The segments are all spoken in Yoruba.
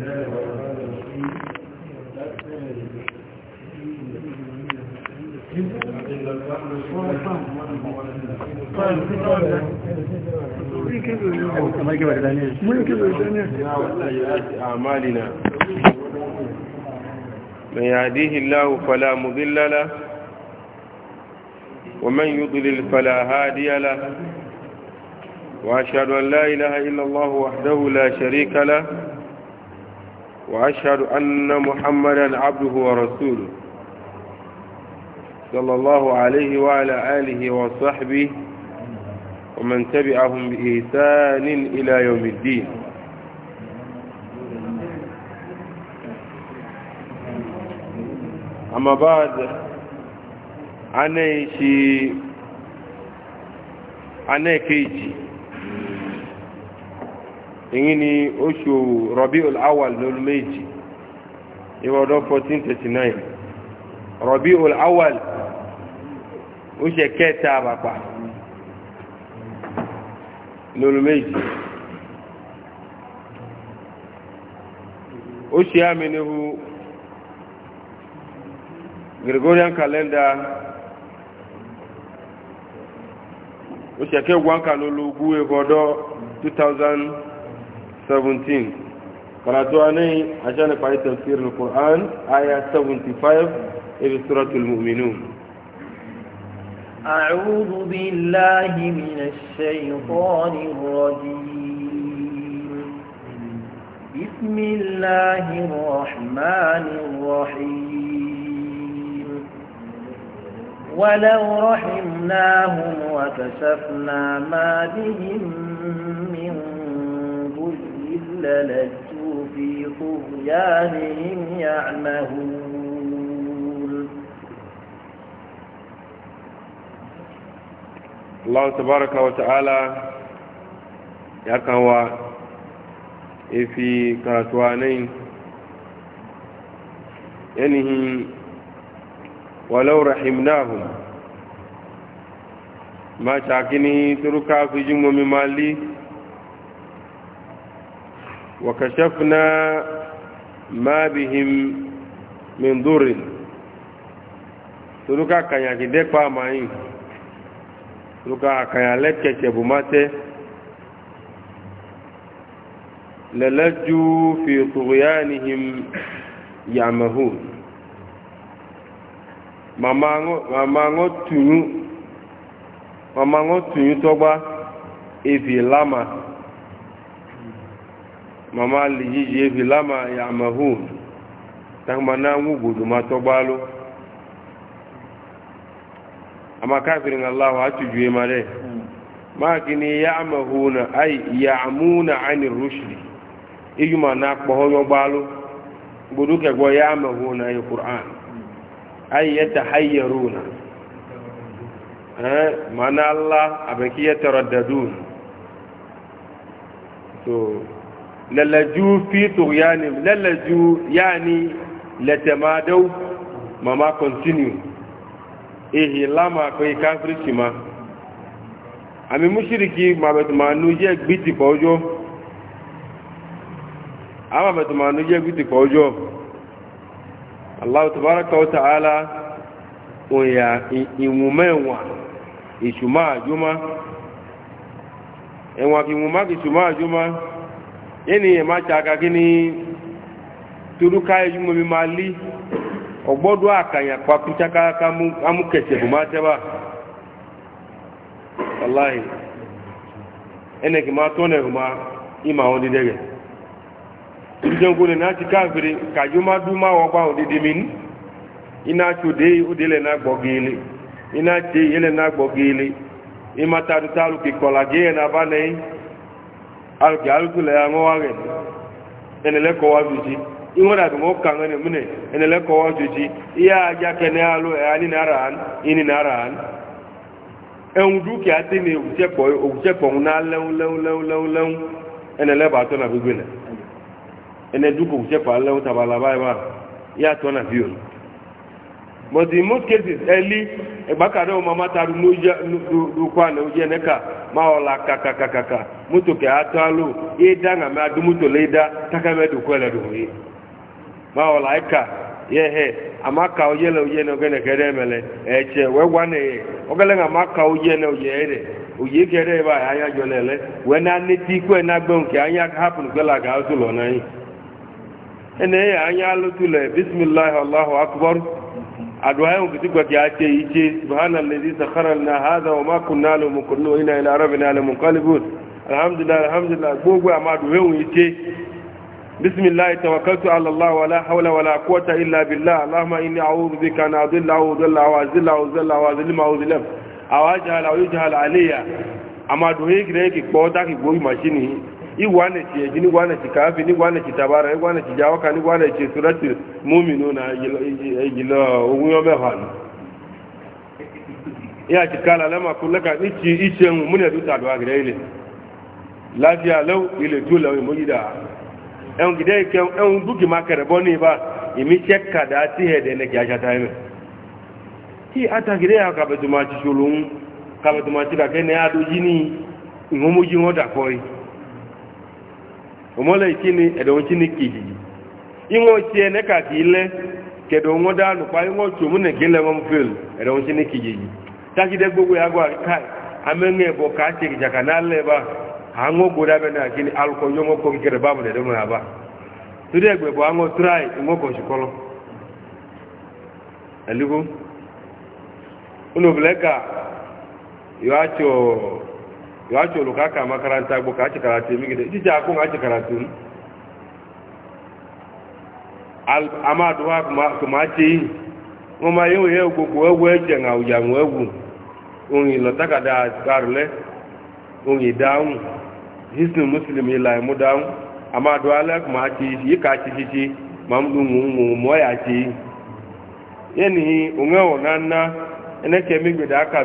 من يهديه الله فلا مضل له ومن يضلل فلا هادي له وأشهد أن لا إله إلا الله وحده لا شريك له وأشهد أن محمدا عبده ورسوله صلى الله عليه وعلى آله وصحبه ومن تبعهم بإيسان إلى يوم الدين أما بعد أنا شيء أنا كيجي èyí ni oṣù rọ̀bíul awal lórí méjì ìwọ̀dọ̀ 1439 rọ̀bíul awal oṣù kẹta àbàpà lórí méjì oṣù àmìnihu gregorian calendar oṣù kẹwàá kan lórí ogún ìwọ̀dọ̀ 2000 17 karatu anai a jana kwa tafsir 75 في سورة المؤمنون أعوذ بالله من الشيطان الرجيم بسم الله الرحمن الرحيم ولو رحمناهم وكشفنا ما بهم للجوا في طغيانهم يعمهون الله تبارك وتعالى yakan wa ifi karatuwa nai yanihin walau rahimnahum ma shakini turuka fi jimomi mali وكشفنا ما بهم من ضر toluka kanya kide pa mayin toluka kanya lekeke bu mate lalaju fi tughyanihim yamahun mamango mamango tunu mamango tunu togba evi lama mama le yeye vi lama yamahun tagba na ŋu godoma tɔgbalo ama kafiri ŋa la wa atu jue ma dɛ hmm. maa kini yamahuna ayi yamuna ani rushdi iyuma na kpɔhɔ yɔgbalo godo kɛgbɔ yamahuna ayi qur'an hmm. ayi yatahayaruna ɛn mana la a bɛ k'i yɛ tɔrɔ dadun lalaju fi tughyanim lalaju yani latamadaw mama continue ehi lama ko kafiri sima. ami mushriki mabetuma nuje gbiti ko ojo ama betuma nuje gbiti ko ojo allah tabaaraka wa ta'ala oya iwumewa ishuma ajuma enwa ki mumaki ishuma ajuma yẹni ẹ̀ máa ṣàkà kí ni torúká ẹjú mọ́mí máa lí ọgbọ́dọ̀ a papú ṣákáká amúkẹsẹ̀ bù máa tẹ́bà aláì ẹnẹ̀kì máa tọ́nà ẹ̀rù máa ìmà àwọn dídẹ́ rẹ̀ ìjọngó lè náà ti káàkiri kàjú mi ní iná tí ó lẹ̀ ta la ge na yi. alùpùpù alùpùpù lẹ́yà ya wá rẹ̀ ẹnìlẹ́ kọ́ wá tuntun ìwọ́n dàbí wọ́n kà ń múnẹ̀ ẹnìlẹ́ kọ́ wá tuntun ìyá ajá ni na ń ná lẹ́hún lẹ́hún lẹ́hún lẹ́hún lẹ́hún ẹnìlẹ́ bàá tọ́nà gbígbé nà ẹnì dúkìá òwúṣẹ́pọ̀ alẹ́hún but in most cases e ma ọla kakakakaka moto kẹ atọ alo ida nga mẹ adu moto le da taka mẹ dukọ lẹ do ye ma ọla eka yẹ hẹ ama ka o yẹ lẹ o yẹ nẹ o kẹ nẹ kẹ dẹ mẹ lẹ ẹtsẹ wẹ wa nẹ yẹ o kẹ lẹ ma ka o yẹ nẹ o yẹ yẹ dẹ o yẹ kẹ dẹ ba aya jọ lẹ lẹ wẹ na neti kọ ẹ na gbẹn kẹ anya hapun kẹ la ka o tó lọ n'anyi ẹnẹ e yẹ anya alo tu lẹ bisimilahi alahu akubaru. addu'a mu bitigwa ya ce yace subhanallazi sakhara lana hadha wa ma kunna lahu muqrinu ila rabbina lamunqalibun alhamdulillah alhamdulillah gogo amma addu'a mu yace bismillah tawakkaltu ala allah wa la hawla wa la quwwata illa billah allahumma inni a'udhu bika an adilla wa adilla wa azilla wa azilla wa azlima wa azlim awajhala wa yujhala alayya amma addu'a yake da ko da ki goyi mashini igwanaci yaji ni gwanaci kafi ni gwanaci tabara ni gwanaci jawaka ni gwanaci surati muminu na igilo ogun yobe hanu ya ci kala lama ka ichi ichi mu mun yadu ta ile lafiya lau ile tu gida en gide ke en duki makare boni ba imi chekka da ti hede ne kya ta ime ti ata gire ya ka betuma ci shulun ka betuma ci ka kene adu jini ngomu jingo da koi omole ikini edo chini kiji ingo tie ne ka kile kedo ngoda lu pa ingo chumu ne kile ngom fil edo chini kiji taki de gugu ya gwa kai amenge bo ka ti jaka na leba ango goda be na kini alko nyongo ko kire babu de mo aba tude gbe bo ango try ingo ko shikolo aligo uno bleka yo acho ga colo ka ka makaranta gbo ka ci karatu mi gida ijija akun ka ci karatu amma duwa kuma ce yi kuma yi wuye gbogbo ewu eje na ujamu ewu oyin lọtaka da askarule oyin dahun hisnu muslim ila imu dahun amma duwa kuma ce yi ka ci ci ma m dun mu mu ya ce yi yanihi mi aka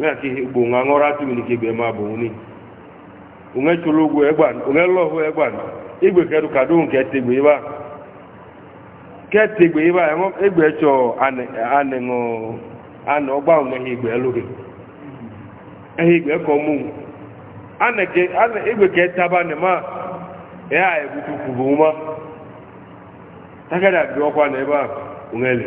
ŋati gbo ŋa ŋɔra ti mi ni e e ke ma bo ni ŋa tsolo go ɛgba ŋa lɔ ho ɛgba egbe kɛ do ka do ŋkɛ tegbe yi ba kɛ tegbe yi ba egbe tsɔ anɛ anɛ ŋɔ anɛ ɔgba ŋu n'ehe kɔ mu anɛ anɛ egbe kɛ nɛ ma ma takɛ da ɔkɔ anɛ ba ŋa li.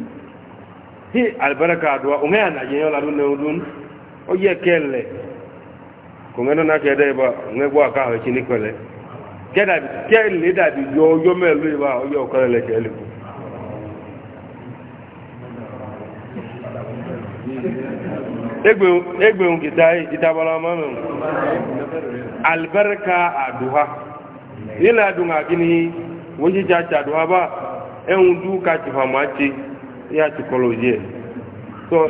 hi albaraka adua unga na yenyo la dun dun o ye kele ko ngeno na kede ba nge gwa ka ho chini kole keda bi da bi yo yo melu ba egbe egbe un mamu albaraka aduha ila dunga ba e du ka ya tukolo je so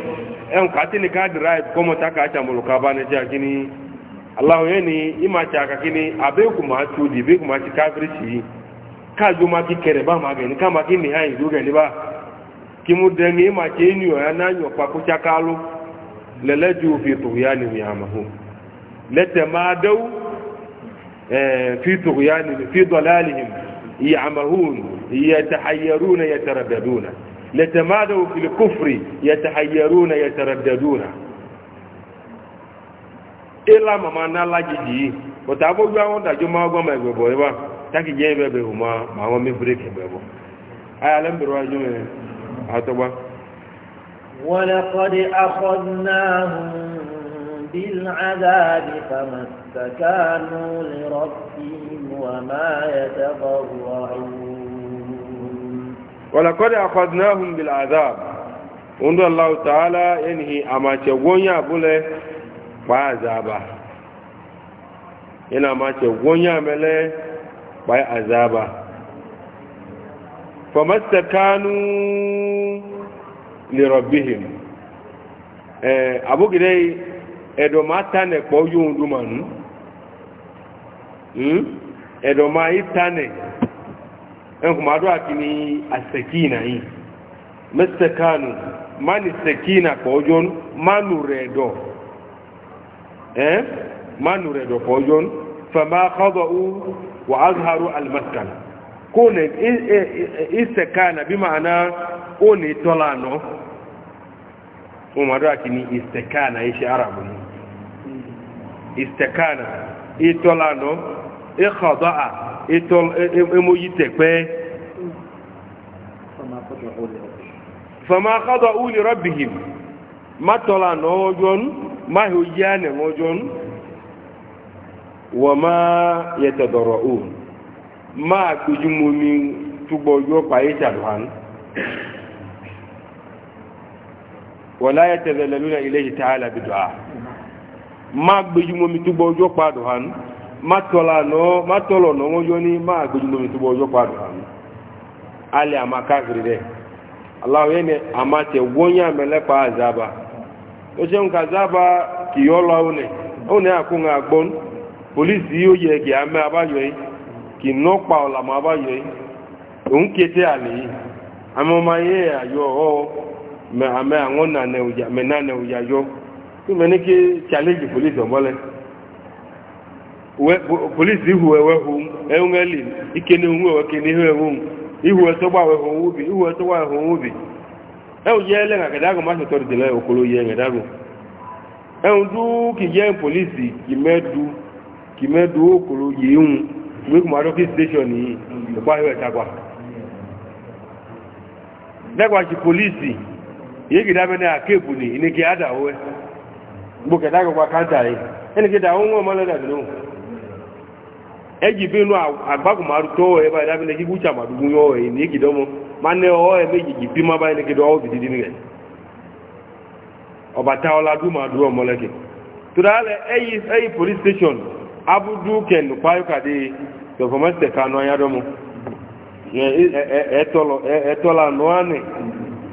en eh, ka tini ka drive komo ta ka chamulu ka bane ja kini allah yeni ima cha ka kini abe ku ma tu di be ku ma kafiri ci ka ju ki kere ba ma ga ni ka ma kini ha idu ni ba ki mu de ni ima che ni o na nyo pa ku cha kalu lele ju fi tuyani ya mahu lete ma daw eh fi tuyani fi dalalihim ya'mahun yatahayyaruna yataraddaduna لتمادوا في الكفر يتحيرون يترددون إلا ما ما نالا جيجي وتابو جوا وندا جماعة جماعة بيبو يبا تاكي جاي بيبو ما ما هو مبريك بيبو أي علم بروا جماعة هتبا ولقد أخذناهم بالعذاب فما استكانوا لربهم وما يتضرعون ولقد أخذناهم بالعذاب عند الله تعالى ينهي أما تغني أبوله فعذابا yana mace gonya mele bai azaba fa mastakanu li rabbihim eh ne ko yundumanu dumanu edo ma itane ɗan kuma addu'a kini a sakina yi mastakanu mani sakina kojon manu redo eh manu redo kojon fama khada'u wa azharu almaskan ko ne istakana bi ma'ana o ne tolano kuma addu'a kini istakana yi shi arabu istakana itolano ìkọ̀dọ́à ìmòyítẹ̀pẹ́ fama kọ́dọ̀ uli rọ́bìhìm má tọ́lá nọ́ọ́jọ́n má hì yá nẹ̀ọ́jọ́n wọ́n má yẹtẹ̀dọ̀rọ̀ o má kójú momi túbọ̀ yọ pàyé tàdùhán wọ́n láyé tẹ̀lẹ̀ lẹ́lú ilé yìí tààlà bìdọ̀ a má gbójú momi túbọ̀ yọ pàdùhán. matola no matolo no ngojo ni ma gbeju no tubo ojo padu am ali amaka gride allah yene amate wonya mele pa azaba o se nka azaba ki yolo une une akunga agbon polisi yo ye ki ame abayo yi ki no pa ola ma abayo yi ala kete ali amo ma ye ayo o me ame angona ne uja me na ne uja yo ki meniki challenge police omole polisi ihu ewehu ike na ihu ewe kene ihu ihu etogba ihu etogba ewehu nwubi ẹ̀hùn yẹ́ lẹ́nà àgẹ̀dágùn máa ṣètọ́ ìdìlẹ̀ òkòlò yẹ polisi kì mẹ́du okolo mẹ́du òkòlò yìíhun station yìí ìpá polisi ń wọ́n mọ́lẹ́dà eji benu agbagu maru to e ba da bele gibu chama du yo ni gido mo mane o e meji bi ma ba ni gido o bididi ni gen obata ola du ma du o moleke turale eyi eyi police station abudu ken payo kade to ko meste kanu ya do mo e, e, e, e tolo e tola no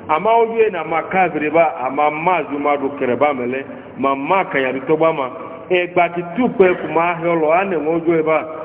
ama oju na makabiri ba ama mazu madu kereba mele ma maka ya to ba ma egba ti tupe kuma aholo oju e ba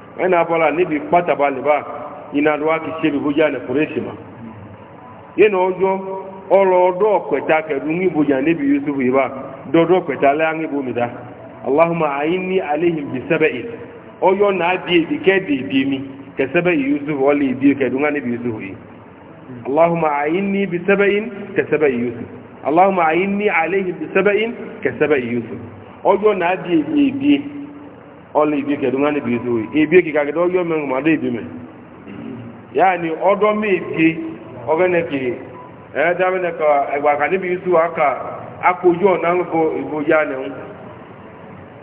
ena bola ni bi pata bale ba ina do aki sebi buja ne kureshima yena ojo olo odo kweta ke dungi buja ne bi yusuf iba dodo kweta la ngi da allahumma aini alaihim bi sab'in oyo na bi bi ke bi mi ke sab'i wali bi ke dunga ne bi yusuf yi اللهم أعيني بسبأ كسبأ يوسف اللهم أعيني عليهم بسبأ كسبأ يوسف أجو نادي بيه ọlọ ibi kẹdù ńlá níbi ètò ibi kíkà kẹdù ọyọ mẹrin ọmọdé ibi mẹ yáà ni ọdọ méje ọgẹnẹkì ẹẹdàmẹnẹkà ẹgbàkà níbi ètò aka akójú ọ̀nà ńkọ ìbò yá nẹ̀hún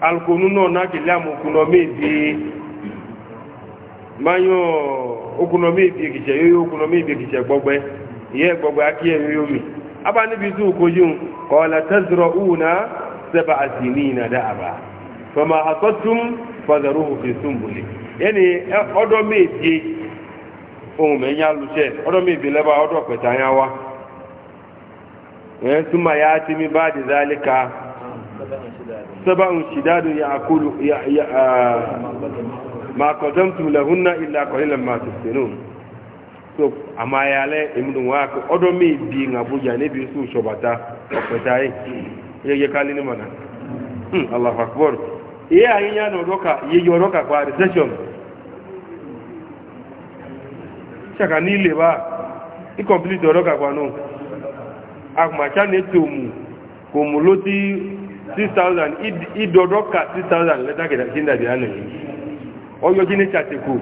alukonu náà náà kìlẹ̀ àmọ̀kùnà méje mayọ okùnà méje kìsẹ̀ yóyó okùnà méje kìsẹ̀ gbọgbẹ ìyẹ́ gbọgbẹ akíyẹ̀ yóyó mi abá níbi ètò òkojú kọ̀ọ̀lẹ̀ tẹ́sirọ̀ ùnà sẹ́bà àti ní ìnàdá àbá. fama hasọtum fadaruhu fi sunbuli yẹni ọdọ méje ohun mẹ nya lùsẹ ọdọ méje lẹba ọdọ pẹta ya wa ẹ tuma ya ti mi ba di zalika ka saba n ya akulu ya ya ma kọjọm tu lahunna illa kọlila ma tuntunu so ama ya lẹ emudun wa ọdọ méje ŋa ne bi su sọbata ọpẹta yi yẹ yẹ ni mana. Hmm, Allah akbar ye ayin noroka, yeye doka kwa recession chaka ni le ba i complete doka kwa no akuma cha ne to mu ko mu lo ti 6000 i 6000 leta ke kinda bi anu oyo kini chate ku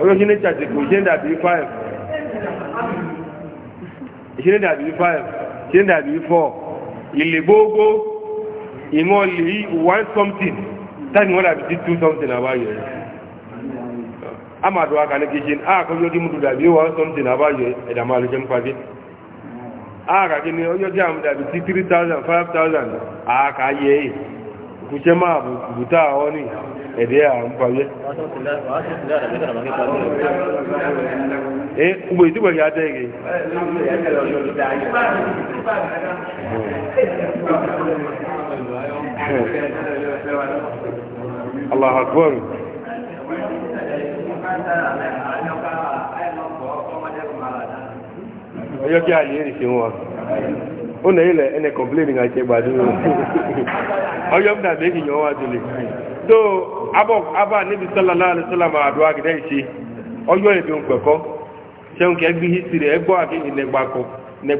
oyo kini chate ku jenda bi 5 jenda bi 5 jenda bi 4 ile gbogbo ìmọ̀ lè one something tani wọ́n dàbí two something àbáyọ̀ ẹ̀ amadu aka ní kejì àkọjọ́ kí mútu dàbí one something àbáyọ̀ ẹ̀dà máa lè jẹ́ ń pàdé àkàkí ni ọjọ́ kí àmú dàbí tí three thousand five thousand àkà yẹ ẹ̀ kùsẹ́ máa bù kùtà ọ ní ẹ̀dẹ́ à ń pàdé. ẹ gbogbo ìdíbò Allahu akbar ọjọ́ kí a lè rí ṣe wọn ó nà ilẹ̀ ẹnẹ kọ̀m̀pléènì àti ẹgbàdúró ọjọ́ bí dàbí èkì yàn wá jùlẹ̀ tó abọ́ níbi sọ́lọ́lá ìṣe ọjọ́ ìdún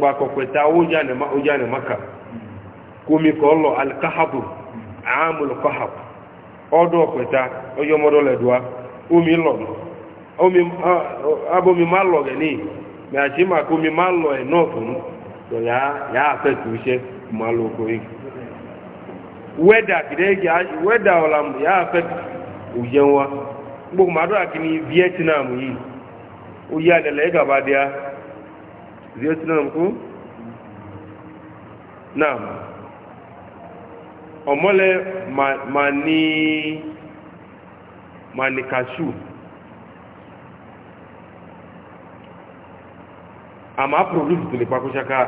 pẹ̀kọ́ kumi kɔlɔ alikahabu aamulu kahabu ɔdɔ ɔkpɛta ɔyɔmɔdɔ lɛ doa omi lɔ omi abomi ma lɔ gɛni mɛ asi ma ko omi ma lɔ yɛ nɔɔfu nu tɔ yaa yaa afɛ tu sɛ ma lɔ ko yi ya wɛda ɔla yaa afɛ tu yɛ wa akini vietnam yi oyi alɛ lɛ egaba ya vietnam ko naam. ọmọlẹ ma, ma ní ma ní kashu àmà produce tó lè pakúṣaká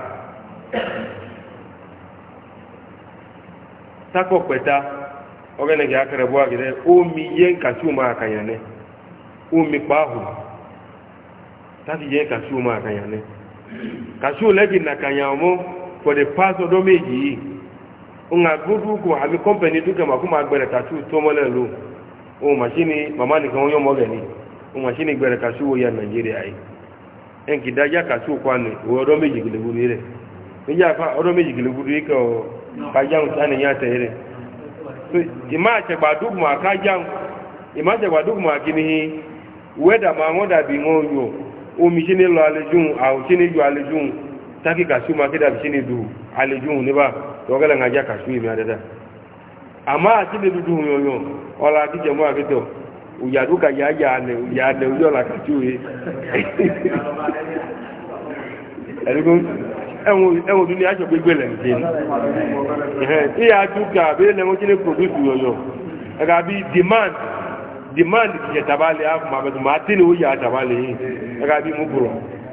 takọ pẹta ọgẹ́nẹ̀gẹ́ akẹrẹbọ́ agẹ́rẹ́ omi yẹ́ kashu ma àkànyànẹ́ omi pàáhù láti yẹ́ kashu ma àkànyànẹ́ kashu lẹ́gìn nàkànyàn ọmọ for the past ọdọ́ méjì yìí nga gudu ko abi company duka ma kuma gbere ta tu to mole o machine mama ni kan yo mo gani o machine gbere ka su wo ya nigeria yi en ki daja ka su kwa ni o do meji gele bu ni re ni ja fa o do meji gele bu ri ko ka ja un tani ya te re so ima che gba du ma ka ja ima che gba du ma kini weda ma ngoda bi ngonyo o machine chine lo a o chine ju alejun taki kasu ma kida bi shine du alijun ne ba to gala nga ja kasu mi ama ati de dudu yo yo ola ki akito uya du ne uya ne uyo la kasu yi erigo ẹwọn ẹwọn dun ni a jọ gbegbe lẹ nse ni iya tu ka be lẹ wọn ti ne produce yo yo demand demand kìkẹ tabale a kuma bẹ tuma a ti ni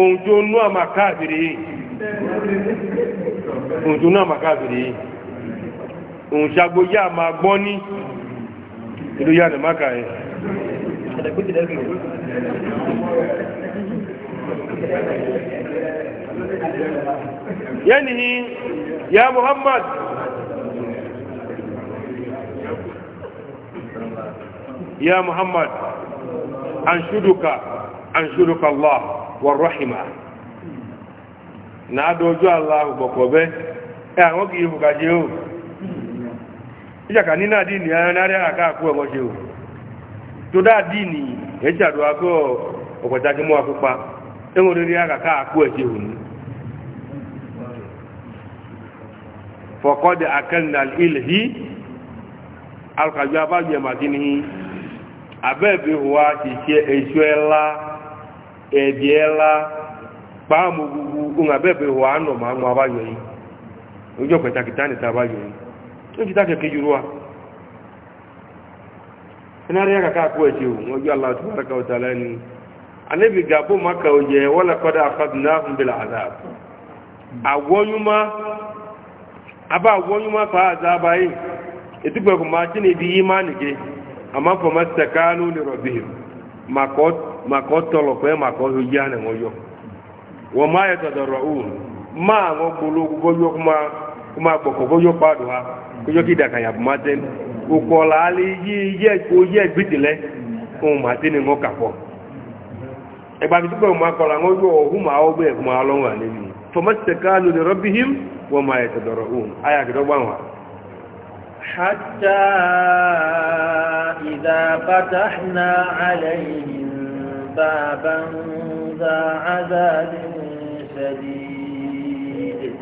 òǹjò nú àmà káàbìrì yìí òǹjò nú àmà káàbìrì yìí òǹṣàgbó yá máa gbọ́ ní ìlú yá nìmáka yẹn yẹ́nìí ya muhammad ya muhammad an ṣúdùka an ṣúdùka allah warahima na adojú aláhù bọ̀kọ̀ bẹ́ e, ẹ àwọn kìí fùkà jẹ́ o ìjàkà nínà dìní aránáríà àkáàkú ẹ̀wọ́n ṣe o tó dáa dìní ẹ̀ṣàdù akọ́ ọ̀pọ̀tàkì mọ́ akópa ẹ̀wọ̀n rírí àkàkú ẹ̀ṣẹ̀ òní fọ̀kọ́dẹ̀ akẹ́lìnà ilhi alkàjọ ẹ̀dìẹ́lá pàámù gbogbo ohun abẹ́bẹ̀ wà ánà máa mú abáyọ̀ yìí ojú ọ̀pẹ̀ta kìtà nìta abáyọ̀ yìí tó kìtà kẹ̀kẹ́ yìí rúwà ẹnárí àkàkà àkó ẹ̀ṣẹ̀ òun maka òjẹ́ wọ́n lakọ́dá afádùnà àfúnbẹ̀lá àdáàbò àwọ́nyúmá abá àwọ́nyúmá fa àzába yìí ètùgbẹ̀kùn máa tí ní ibi yìí máa nìke àmá maka ọtọlọ kwe maka ọhịa a ana ṅụyọ wọ ma ya tọdọrọ ọ ma ṅụ gbolo kuma kuma kpadu ha kida ka ya bụ maten ụkọla ala iyi iyi oyi egbitile e ụmụ maten ṅụ kapọ ẹgbàgbé tó pẹ̀lú máa ọ wọn yóò ọ̀hún máa ọgbẹ́ ẹ̀kún máa lọ́wọ́ àníbi fọmọ́tẹ̀ká ló lè him حتى إذا فتحنا عليهم بابا ذا عذاب شديد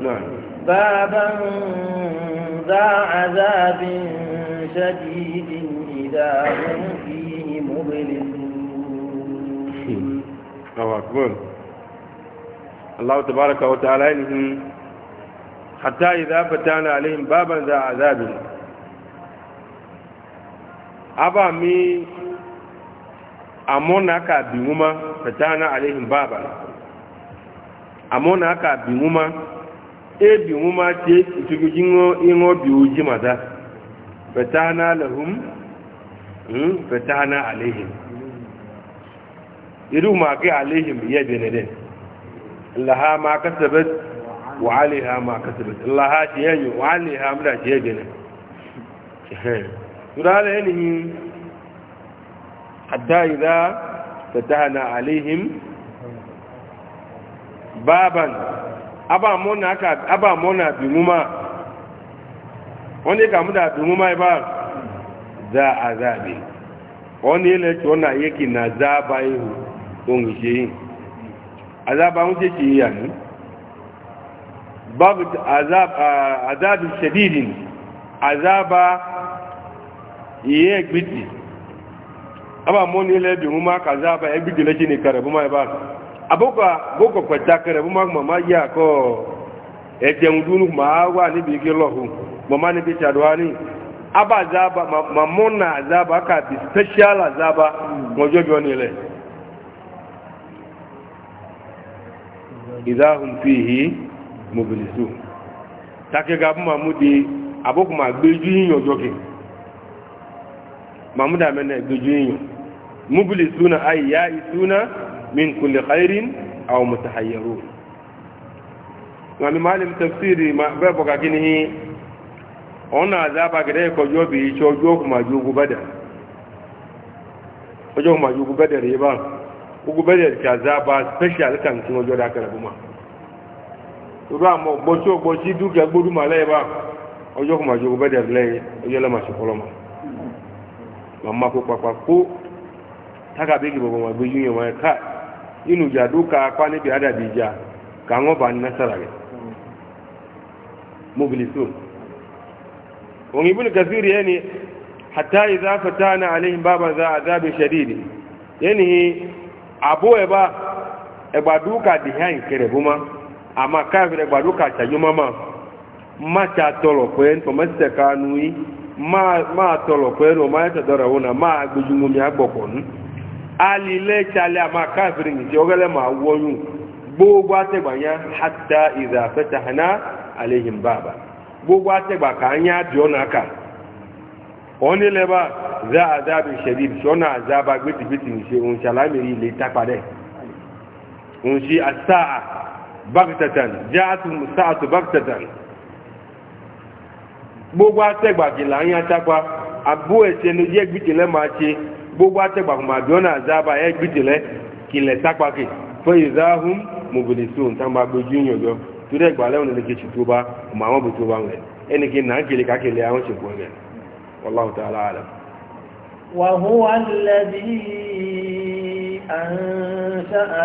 نعم بابا ذا عذاب شديد إذا هم فيه مبلسون الله الله تبارك وتعالى إنهم حتى إذا فتحنا عليهم بابا ذا عذاب أبا مي amona aka bi nwuma fatana alaihim baba amona aka bi nwuma ebi nwuma tie tukuji ịṅụ bi uji mata fatana lahum fatana alaihim hmm, iru ma ga alaihim ya benede ha ma kasabat wa alaiha ma kasabat ya tiyanyu wa alaiha amda tiyanyu ne turale ne hatta tata na alihim baban aba mona ka aba mona bi muma wani ka muda bi muma ba za azabi wani le tona yake na zaba yi don je azaba mun je ki yani babu azab azab shadidin azaba iye gbiti aba mo ni le bi ma kaza ba e bigile chi ni kare buma e ba aboka boko kwata kare ma mama ya ko e je ndunu ma wa ni bi ke lohu mama ni bi chadwani aba zaba ma mona zaba ka bi special zaba hmm. mojo bi oni le idahum fihi mublisu take ga buma mudi aboku ma gbeju yin ojo ke mamuda mena gbeju yin مبلسون أي يائسون من كل خير أو متحيرون يعني معلم تفسيري ما بابك كنه أنا عذاب كده كجو بيش وجوه ما جوه بدر وجوه ما جوه بدر يبا وجوه بدر كعذاب سبيشال كان كنه جوه ذاك ربما tòrò àmọ́ gbọ́sí ọgbọ́sí dúkìá gbódùmọ̀ lẹ́yìnbá ọjọ́ kò máa jogun bẹ́ẹ̀ dẹ̀ lẹ́yìn ọjọ́ lẹ́màá ṣe kọ́lọ́mọ̀ màmá kó papà kó taka bigi bobo ma bigi yo ma ka inu ja duka kwa ne bi ada bija ka ngo ba na sarare mublisun wani ibn kasir yani hatta idza fatana alaihim baba za azab shadid yani abo e ba e gba duka di han kere buma ama ka bi gba duka cha yo mama ma cha tolo ko en to mase kanui ma ma tolo ko en o ma ta dora wona ma gbujumu mi agbokon alilẹ́tsalẹ̀ àmà káfìrí nìjẹ́ ọgẹ́lẹ́ ma wọ́nyú gbogbo atẹ́gbànyá hata ìdá fẹ́tàhánà àlẹ́yìn aba gbogbo atẹ́gbà kàányá dìọ́nà kà ọ́nì lẹ́bà zá àzábi ṣẹ̀dí ṣọ́nà àzába gbẹ́tìgbẹ́tì nìṣe òǹṣàlámìrí nsi tápadẹ́ òǹṣì àsáà bákítàtàn jáàtù sáàtù bákítàtàn gbogbo atẹ́gbà kìlà gbogbo atẹ́gbàkùnmà jọ́nà àzába ẹgbìtìlẹ̀ kìlẹ̀ sápàkì fún ìzáhùn mobilisun tàbí agbójú yànjọ́ tó dẹ̀ gbàlẹ́ òun lèkè ṣètò bá ọmọ àwọn òbí tó bá rẹ̀ ẹnìkì náà kìlẹ̀ kákìlẹ̀ àwọn ṣèpọ̀ rẹ̀ wallahu ta'ala alam. wa huwa alladhi ansha'a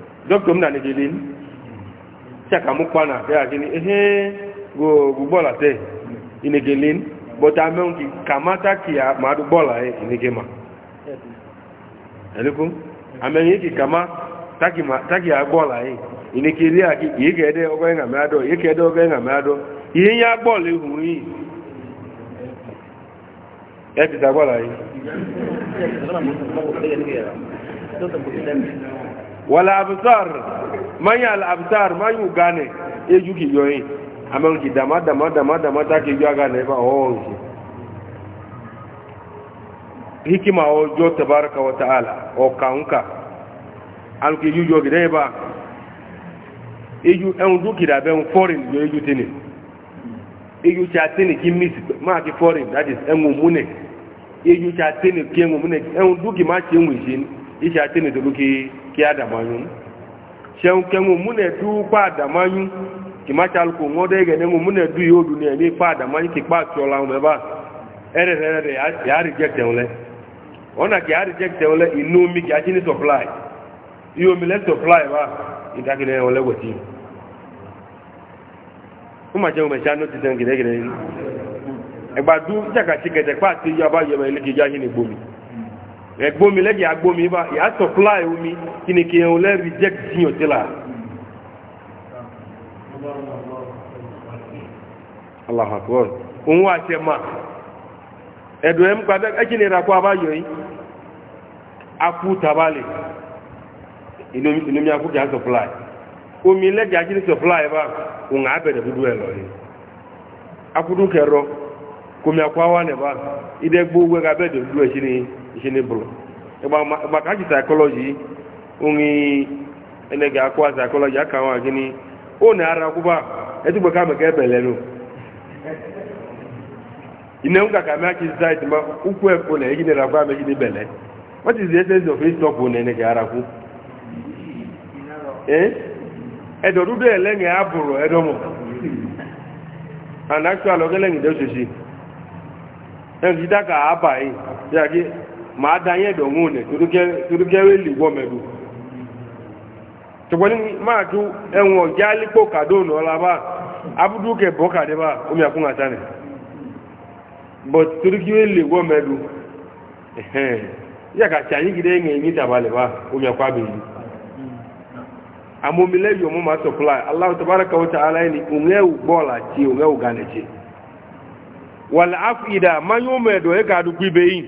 dókítà múnà níbi ilé ní ṣàkàmú kwana pé àti ní ẹ̀hẹ́ gbogbo bọ́ọ̀lá tẹ́ Kama lé ní bọ́tà mẹ́rin kì kàmátà kì á máa dún bọ́ọ̀lá ẹ̀ ìnìgè mà ẹ̀lẹ́kùn àmẹ́rin kì kàmá tákì á bọ́ọ̀lá ẹ̀ ìnìgè lé àti wala abusar manya al abusar manyu gane eju ki yoyin amen ki dama dama dama dama ta ke jaga ne ba o ki hikima o jo tabaraka wa taala o kaunka an ki ju jo gide ba eju en duki ki da ben foreign yo eju tini eju cha tini ki miss ma ki foreign that is en mune eju cha tini ki enwu mune en du ki ma chi enwu shin tini to ke adamanyu sheun kengu mune du kwa adamanyu kimachal ko ngode gene ngu mune du yo dunia ni kwa adamanyu ki kwa chola umeba ere ere ere ya reject ole ona ki ya reject ole mi ki ni supply iyo mi le supply ba itakile ole wati kuma jẹun mẹ̀ṣá ní ó ti tẹ́ gẹ̀rẹ́gẹ̀rẹ́ ẹgbàdú jàkàtí kẹtẹ̀pá àti yaba yẹmẹ̀ ilé kejì ayé ní gbòmìnì ẹgbómi lẹ́gì agbómi bá ìyá supply omi kí ni kí ẹun lẹ́ reject yíò tí là Allahu òun wà ṣe ma ẹ̀dùn ẹ̀ ń padà ni ìràpọ̀ abáyọ̀ yìí akú tabalẹ̀ inú mi akú kí omi lẹ́gì ají ní supply bá òun àbẹ̀rẹ̀ dúdú ẹ̀ lọ yìí akúdú kẹrọ kòmí akọ àwọn ẹ̀ ìdẹ́gbó wẹ́gà bẹ́ẹ̀ dúdú ẹ̀ sí ìṣẹ̀lẹ̀ bùrù ìgbà káàkiri psychology òní ẹnẹgà akọ́ psychology akáwọn àgíní ó nà ara kúbà ẹtùgbẹ́ káàmẹ̀kẹ́ bẹ̀lẹ̀ nù ìnáwó kàkà mẹ́kì site ma ụkwụ ẹ̀kọ́ nà ẹ̀yìn nìra kúbà mẹ́kì ní what is the essence of his talk òní ara kú and actual ma danye da mune turukewe ligwo medu tukwani ma tu enwo jali po kado no la ba abudu ke bo kade ba o mi akun atane but turukewe ligwo medu eh ya ka chani gide nge ni tabale ba o mi akwa bi amomi lẹ́yìn ọmọ máa supply aláwọ̀ tàbárakà wọ́ta aláìní òǹẹ́wù bọ́ọ̀lá tí òǹẹ́wù gánà tí wàlá áfìdá máa yóò mẹ́ẹ̀dọ̀ ẹ́kà àdúgbò ibẹ̀ yìí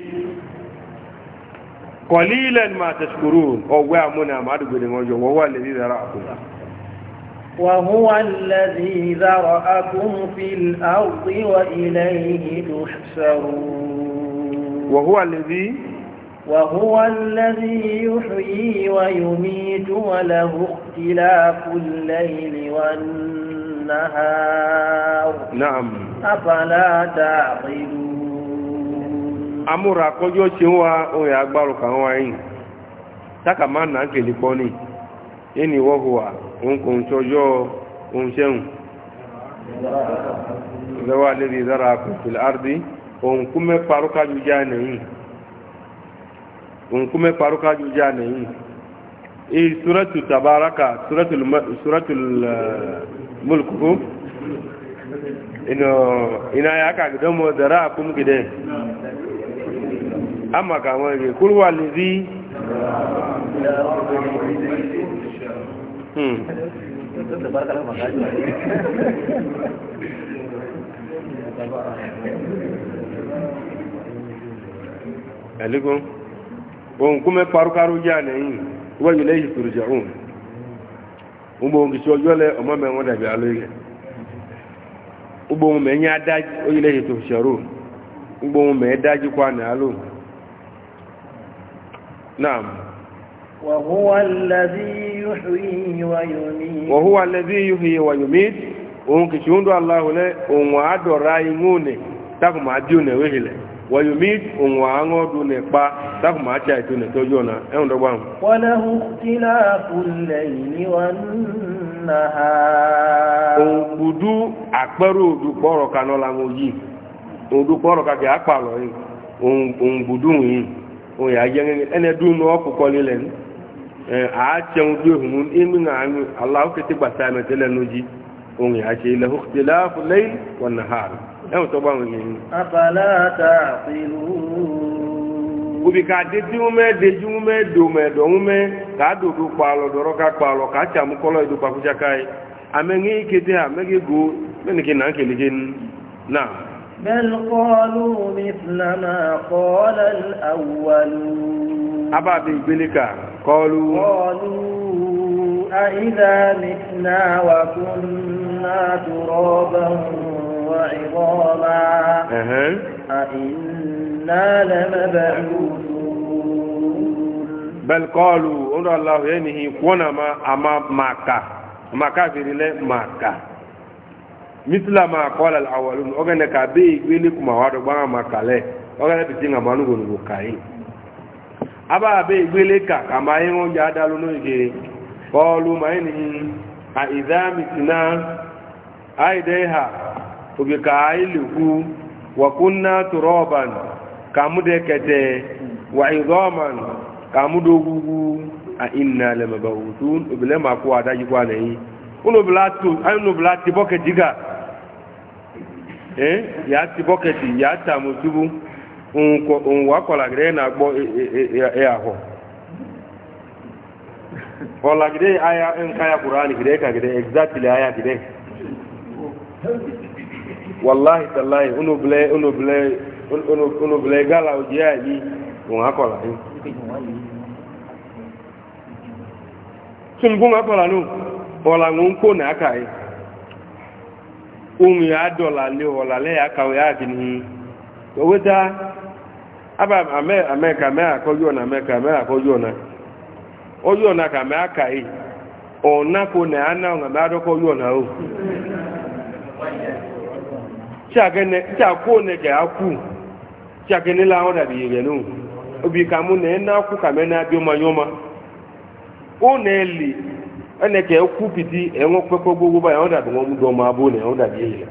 قليلا ما تشكرون وهو منا ما ما جو وهو الذي ذرأكم وهو الذي ذرأكم في الأرض وإليه تحشرون وهو الذي وهو الذي يحيي ويميت وله اختلاف الليل والنهار نعم أفلا تعقلون amúra kọjọ́ ṣe ń wá oòrùn agbárò kan wá yìí tákà máa nà á kèlè pọ́ ní ẹni wọ́hùwà òun kò ń tọjọ́ ohun ṣẹ́hùn ìgbẹ́wà lérí ìdára pẹ̀lú àrùdí òun kú mẹ́ já ya ama ka àwọn èrè kúrò wà lè rí ẹ̀lẹ́gùn ohun kú mẹ́ parukaru yà nẹ́yìn wọ́yí lẹ́yìn ohun gbogbo ohun kìí ọjọ́ lẹ ọmọ mẹ́wọ́n dàbí alóyẹ gbogbo ohun mẹ́yìn adájú oyí lẹ́yìn tòrìjà ohun gbogbo ohun mẹ́ dájú kwanà alóhun نعم وهو الذي يحيي ويميت وهو الذي يحيي ويميت onke chiundu allah le onwa adora ingune taku ma diune wehile wayumit onwa ango dune pa taku ma cha itune tojona endo bwam wala ikhtilaful layli wan nahar obudu akparu du poro onye ajẹ́ngẹ́ ẹni ẹdún ní ọkùnkọ́ lílẹ̀ ní àájẹun bí òhun inú àánú aláwọ̀kẹ́tẹ́ gbàtà mẹ́tẹ́lẹ̀ onye ya ilẹ̀ òkùtẹ́lá fúlẹ́yìn wọn nà ha ẹ̀hùn tó bá wọn ní inú. obi ka deti ume deji ume dome dɔ ka dodo kpalɔ ka kpalɔ ka tsi amukɔlɔ yi du kpakutsa ka yi ame ŋe بل قالوا مثل ما قال الأولون أبا بيبلك قالوا قالوا أئذا متنا وكنا ترابا وعظاما أه. أئنا لمبعوثون بل قالوا أن الله ينهي كونما أمام مكة مكة في مكة misla ma qala al awwalun ogane ka be gwele kuma wado ba ma kale ogane bi tinga manu go go kai aba be gwele ka kama yin o ya dalu no ge qalu ma in a idha mitna aideha oge ka ailuku wa kunna turaban kamude kete wa idhaman kamudo gugu a inna lamabawtun obilema ko adaji kwa nei uno blatu ayo no blati boke jiga ee eh, ya ti bọketi ya ta motubu nwa kọlagide na agbọ e, e, e, ahụ kọlagide aya nka ya kwuru anyị gide ka aya gide wallahi tallahi unu bile unu gala oji ya yi nwa kọla tun bu nwa na aka ohun ya dọ̀là lé ọ̀là lẹ́yà kàwé àdínní owó dá abà amẹ́ka mẹ́ àkọ́jú ọ̀nà amẹ́ka mẹ́ àkọ́jú ọ̀nà ọjọ́ ọ̀nà kà mẹ́ àkà yìí ọ̀nà kò nà á náà ọ̀nà mẹ́ àdọ́kọ́jú ọ̀nà o tí àkó nẹ kẹ́ àkú tí àkẹ́ni láwọn ene ke ku piti e ngo pe ba e onda dungo mu do ma bo ne onda bi ile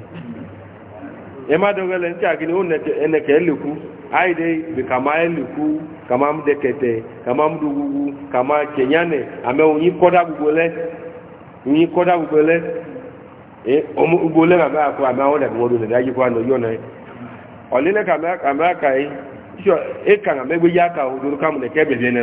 e ma do gele nti agini one ke ene ke liku ai dei bi kama liku kama mde kete kama mdu gugu kama kenyane ame unyi koda gugu le unyi koda gugu le e omu gugu le ma ko onda dungo do ne daji ko ando kama kama kai sio e kan ame e. e gbe ya ka o do kam ne ke be ne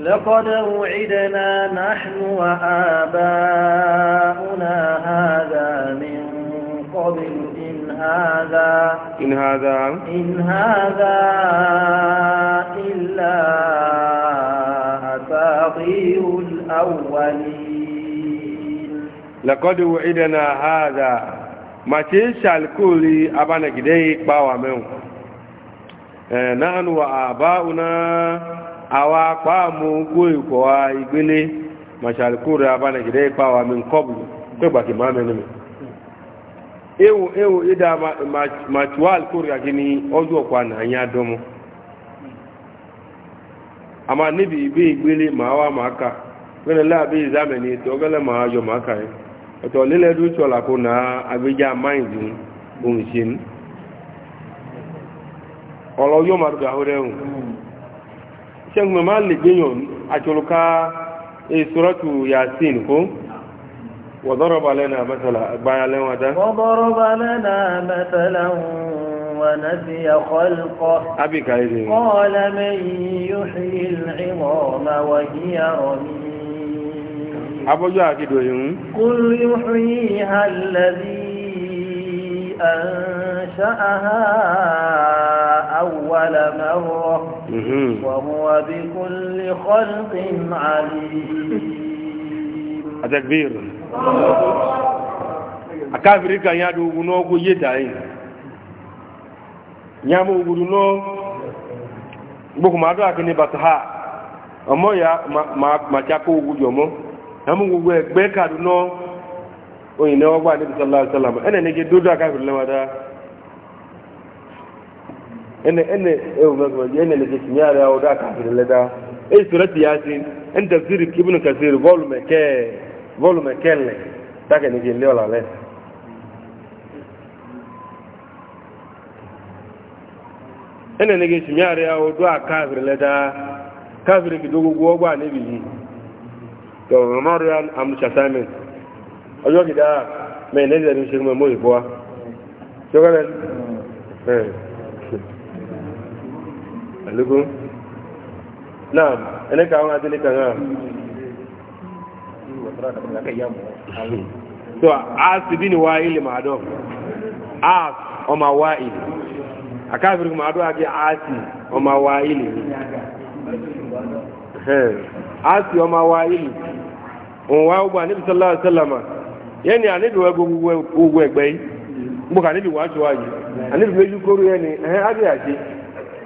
لقد وعدنا نحن وآباؤنا هذا من قبل إن هذا إن هذا إن هذا إلا أساطير الأولين لقد وعدنا هذا ما تشعل كل أبانا كده يقبع نحن وآباؤنا àwa pààmù kó ìkọ̀ wa ìgbélé màṣàlùkúrò abánagidẹ́ ipa wa mi kọ́bù pẹ́gbàkì máa mẹ́nu mi ewu ewu ida màtúwà alkúrò àkíní ọjọ́ ọ̀pọ̀ ànàyà dọ́mọ àmà níbi ìgbé ìgbélé màá wá màá kà pẹ́lẹ́ láàbí ìzámẹ̀ni ètò ọgẹ́lẹ́ màá yọ màá kà yẹn ọ̀tọ̀ lílẹ̀dú ọlọ́yọ́ màdùgbà ó rẹ̀ hùn sheikh mama le gbeyan atoluka esuratu yasin ko وضرب لنا مثلا بايا وضرب لنا مثلا ونسي خلقه أبي كايزي قال من يحيي العظام وهي رميم أبو جاكي دوين قل يحييها الذي أنشأها أول مرة وهو بكل خلق عليم التكبير akafiri ka ya do ogun n'ogu yi dayi ya mo ogun no gbogbo ma do akini bata ha ọmọ ya ma ma chako ogun jọmọ ya mo gbogbo ẹgbẹ kadu no oyin na ene ene ewu eh, mẹgbẹ ene le kesi mi ara o da kafiri lẹ da eyi surati yasin ẹni ibn kasir volume kẹ volume kẹlẹ dákẹ́ ní kí n lé ọ̀la lẹ. ene ne kesi mi ara da kafiri lẹ da kafiri kì ọgbà níbi yìí tọ memorial alaikum Na, ene ka wa dele ka ngam so as bin wa'il ma'do as o ma wa'il akafir ma'do age asi o ma wa'il eh asi o ma wa'il on wa ugba nabi sallallahu alaihi wasallam yani anibi wa gugu wa egbe yi mbo ka nabi wa wa yi anibi meju koru eh age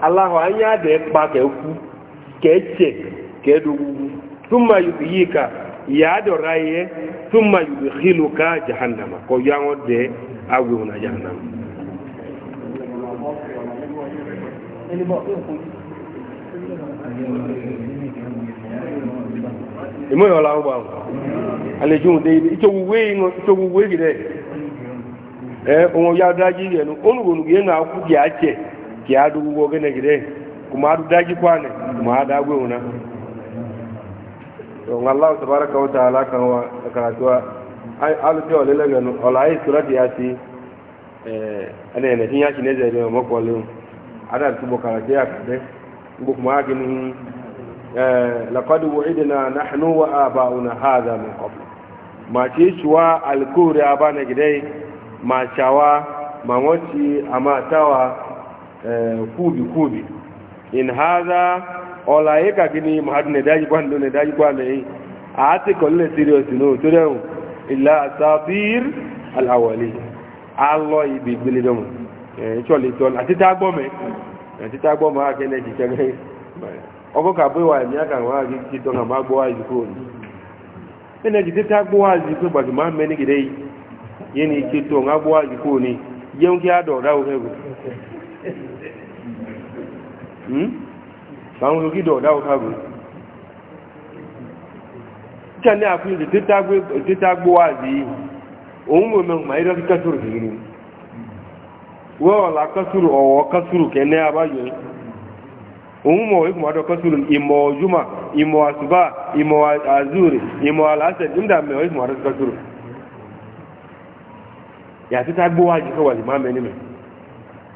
ala anya anyị pa kẹ́kú kẹ́ẹ̀tẹ̀ kẹ́ẹ̀dógúgú ka e yẹ túnmà yìí xìlù ká jahannama kọ yà wọn dị awéwò na jahannama. ìmọ̀ yọ̀ la ń bọ̀ àwọn àlejò òde yìí ìtòwúwé yìí dẹ̀ ẹ̀ ọ̀hún yà dájú yẹnu olùwòlùwé náà kú yà ki adu wo gane gide kuma adu daji kwane kuma adu agwe una don Allah tabaraka wa ta'ala kan wa karatuwa ai alu ti ole lele no ola ai surati ati eh ane ne tin ya ki ne je le mo le ada tu bo karate ya kade bo kuma ga ni eh laqad wu'idna nahnu wa aba'una hadha min qabl ma ci suwa alkuri abana gidai ma chawa ma ngoci ama tawa Eh, kubi kubi in hadha ola ye ka kini mahadu ne daji kwando ne daji kwando yi a ati kolle serious no to de illa asatir al awali allo ibi gbele domo eh chole to ati ta gbo me ati ta gbo ma ke ne ti tege ogo ka bo wa mi aka wa ki ti to na ma gbo wa ju ko ni ene ji ta gbo wa ju ko ba ki ma me ni gide yi yeni ki to na gbo wa ju o hego àwọn hmm? olùgídọ̀ ọ̀dáwọ̀ káàkiri kíkà ní àfihàn títàgbó wà sí òun mọ̀ mẹ́rin máa ìrọ́sí kásùrù kìíní wọ́ọ̀lá kásùrù ọ̀wọ̀ kásùrù kẹ́ẹ̀ẹ́ abájọ́ òun mọ̀ wípé mọ́dọ̀ kásùrù ìmọ̀ juma ìmọ̀ àsùbá ìmọ̀ àzúrì ìmọ̀ aláṣẹ̀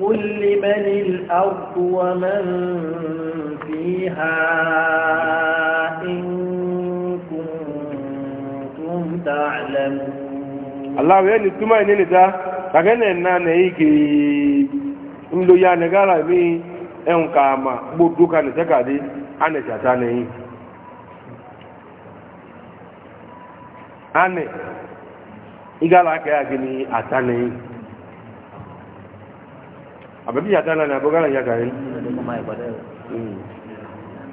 قل لمن الأرض ومن فيها إن كنتم تعلمون الله يعني تما إنني دا kagana na na yake ndo ya ne gara mi en kama gbodu ka ne saka de ane chata ne yi ane igala ka ya gini ata ne yi àbẹ̀bí yàtá náà ni àbúgbàrà yàtá yìí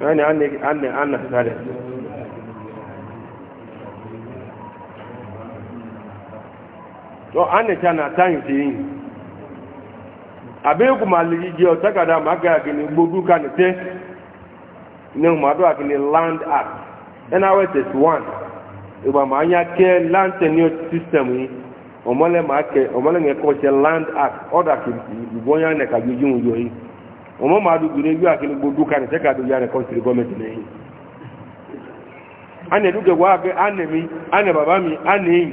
ẹni ànà ànà sáré tó ànà tí a nà táyìn sí ma lè jẹ́ ọ̀tẹ́kàdá gbogbo ká ní tẹ́ ní ọmọdé àkìní land act nrs 1 ìgbàmọ̀ anya ke land tenure system yìí omole ma ke omole nge ko che land act order ki bonya ne ka juju ujo yi omo ma du gure yu akini du kan se ka du ya ne country government ne yi ane duke wa ke ane mi ane baba mi ane yi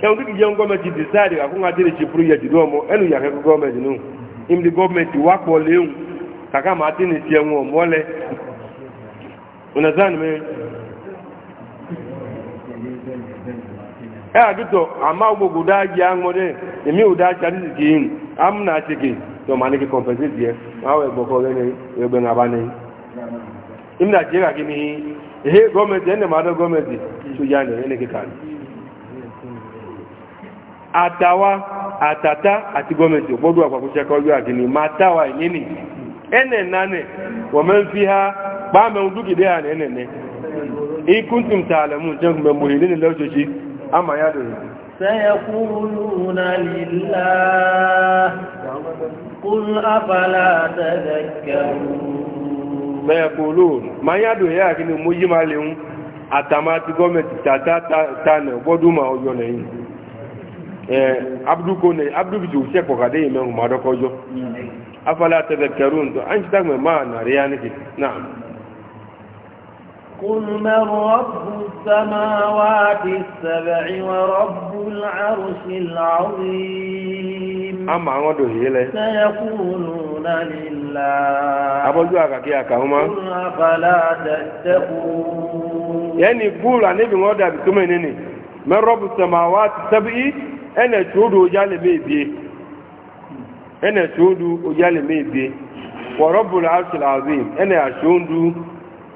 ke un duke jon government decide ka kunga dire chi pru ya di domo enu ya ke government nu im di government wa ko leun kaka ma tini ti enwo omole unazani me ya eh, duto amma gbogbo daji ya nwere emi o daji adi ti yin am na chiki to ma niki compensate ye ma we gboko re ni we gbe na ba ni im na je ga gini ehe gọọmenti ene ma gọọmenti tụ ya ni ene kika ni atawa atata ati gọọmenti ogbodo agbapụ chekọ yo agini ma tawa nini ene nane wọmen fi ha gbaamenwu dugide ha na enene ikuntum taalamu jenkume muhilini lọchochi ama ya dòrò sayaquluna lillah qul afala tadhakkarun sayaqulun ma ya dòrò ya kí ni mo yí máa léhun àtàmà ta ta tàtà tànà gbọ́dún ma ọjọ́ abdu abdu mm. to an ta ma na riya na'am قل من رب السماوات السبع ورب العرش العظيم أما عمده إليه سيقولون لله أبوزوا أكاكيك هما قل أفلا تتقون يعني قول عن ابن ودع بكمينيني من رب السماوات السبع أنا شهود أجال ميبي أنا شهود أجال ميبي ورب العرش العظيم أنا شهود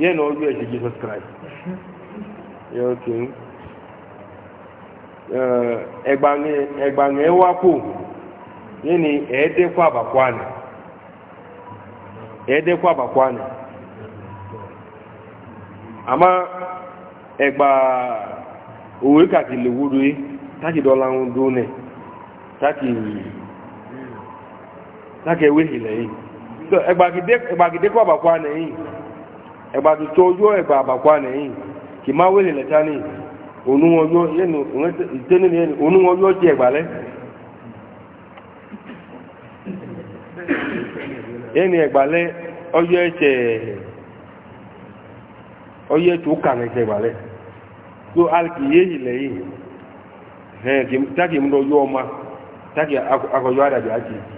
yẹn na ọjọ́ ẹ̀jẹ̀ jesus christ ẹgbàgbẹ́ wá kù yẹn ni ẹ̀ẹ́dẹ́kọ́ àbàkọ́ àná ẹ̀ẹ́dẹ́kọ́ àbàkọ́ àná àmọ́ ẹgbà òwe kàti lè wúdo dọ́là ń dún ẹwé yìí àná yìí. ẹgbàtí tó tó yóò ẹ̀bà àbàkwá nẹ̀yìn kì máa wẹ́lẹ̀ lẹ́ta ní onúwọ́ yóò jẹ́ ẹ̀gbàlẹ́ ẹni ẹ̀gbàlẹ́ ọyọ́ ẹ̀tẹ̀ ẹ̀tẹ̀ tó alìkì yéyì lẹ́yìn tákì mú tákì àdàbí àti ìdí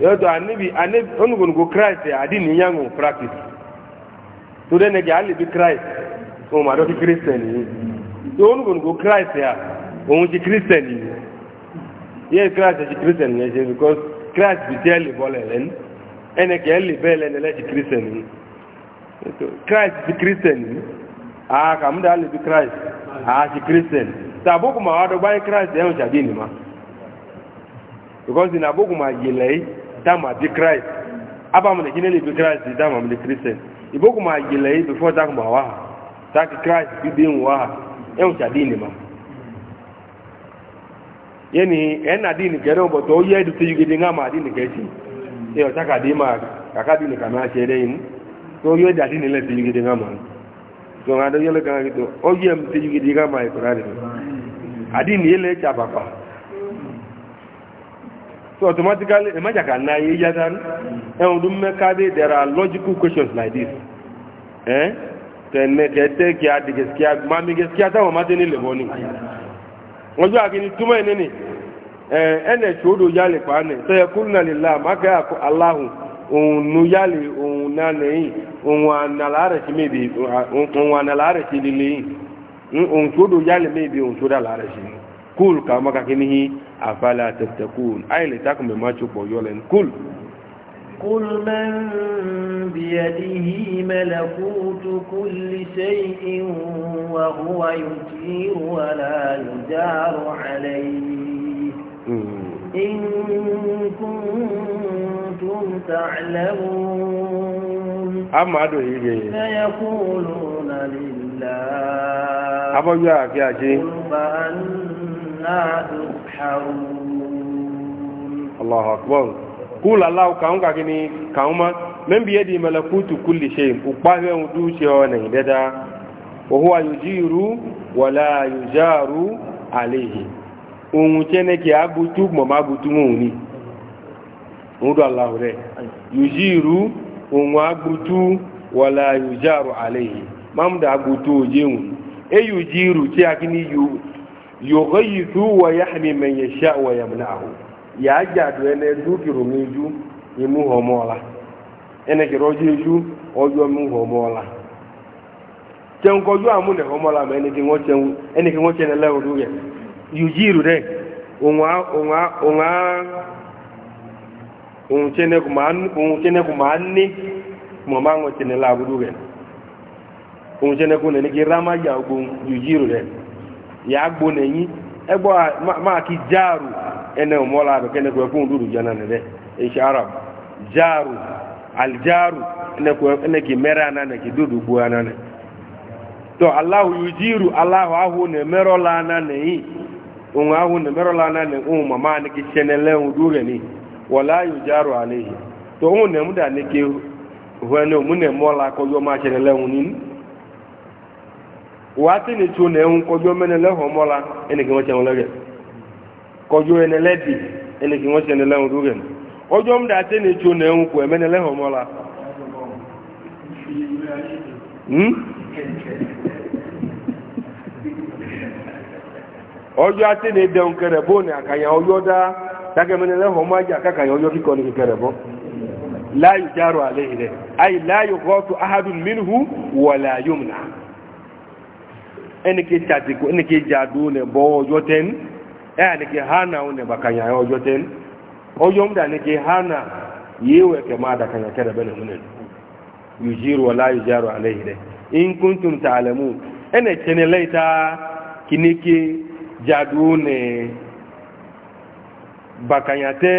yoto anibi anibi onugungu christ adi ni yangu practice today ne gali bi christ o ma do ti christian ni to onugungu christ ya o ti christian ni ye christ ti christian ni je because christ bi tell le bole len ene ke le bele ne le ti christian ni to christ ti christian ni a ka mu da bi christ a ti christian ta boku ma wa do ba christ e o ja ni ma because ina boku ma yele dama di christ abamu ne gine le bi christ di dama mu le christian ibo kuma gila yi before ta kuma waha ta christ bi bi waha yan ta dini ma yani en na dini gere bo to ye du ti gidi nga ma dini ke si e o ta di ma ka ka dini ka ma se de to ye da dini le ti gidi nga ma to nga do ye le ka o ye mu ti gidi nga ma e ko adini ye cha papa so automatically imagine ka na ye yada dún there are logical questions like this a mami táwọn máa ni jọ túmọ̀ nínú tí pa kúrú náà lè la aláhùn òun nu òun náà òun ànàlà sí òun ànàlà sí òun tí do òun tí sí kúrú kàwọn yìí أفلا تتقون أي لتكم ما تشوفوا يولن كل قل من بيده ملكوت كل شيء وهو يجير ولا يجار عليه إن كنتم تعلمون أما أدعي سيقولون لله أبو يا أكي أجي عنا يسحرون الله أكبر قول الله كاون كاكني كاوما من بيدي ملكوت كل شيء وقبه ودوشي ونهددا وهو يجير ولا يجار عليه ohun tẹ́nẹ́ kí a gbótú mọ̀má gbótú mọ̀ òní oúnjẹ aláhùn rẹ̀ yòjí ìrú ohun agbótú wọ̀lá yòjáàrù àlẹ́yìn máa ń dà gbótú òjéhùn èyí yòjí ìrú tí a yughayithu wa yahmi man yasha wa ya jadu ene dukiru miju ene kiroji ju ojo mu chen ko ju amune homola ene kingo chen ene kingo chen la oduye yujiru de onwa onwa onwa on chene kuma an on chene kuma ma ngo chene la oduye yujiru de ya e gbo na enyi egbo maki jaru ene umola be kene ko fun duru jana ne de ishi arab jaru al jaru ene ko ene ki mera na ne ki dudu bu ana ne to allah yujiru allah ahu ne mero la na ne yi un ahu ne mero la na ne un mama ne ki chenele un dure ni wala yujaru alayhi to un ne muda ne ki hwene mu ne mola ko yo ma Wa ni tso nà ẹ̀hún kọjú ọmọ ẹnìlẹ́ hàn ni tso nà ẹ̀hún kọ ẹ̀mẹ́ ẹnìlẹ́ hàn mọ́ la. ọjọ́ àti ni dẹ̀hún kẹrẹ̀ bó ni àkànyà ọjọ́ dá dákẹ́mẹ́ ẹnìlẹ́ hàn mọ́ ajá kàkànyà ọjọ́ kíkọ́ ni kẹrẹ̀ ene ke chati ko ene ke jadu ne bo joten e ene ke hana one bakanya yo joten o yom da ne ke hana yewe ke ma da kanya kada bane munen yujiru wala yujaru alayhi de in kuntum ta'lamu ene chene laita kinike jadu ne bakanya te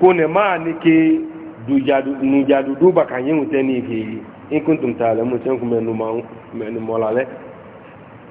ko ma ne ke du jadu nu jadu du bakanya muteni ke in kuntum ta'lamu tan kuma nu ma nu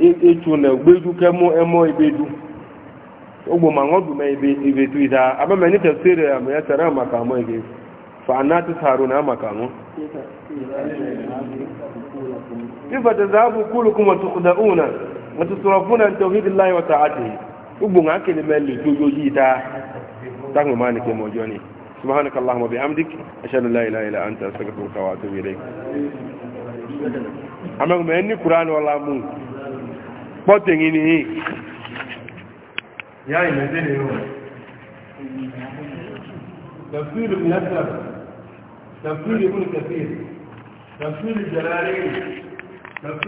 etu na gbedu kemo emo ibedu ogbo ma ngodu me ibe ibe tu ida aba me ni tafsir ya me tara maka mo ige fa anatu haruna maka mo kifa tadhabu kulukum wa tuqdauna wa tusrafuna an tawhidillahi wa ta'atihi ogbo nga kele me le jojoji ida tangu mani ke mo joni سبحانك اللهم وبحمدك اشهد ان لا اله الا انت استغفرك واتوب اليك اما من القران ولا مو pọ́tẹ̀yìn ni yìí yá ìmẹ́sẹ̀ ni ó تفسير ابن أسر تفسير ابن كثير تفسير الجلالين تفسير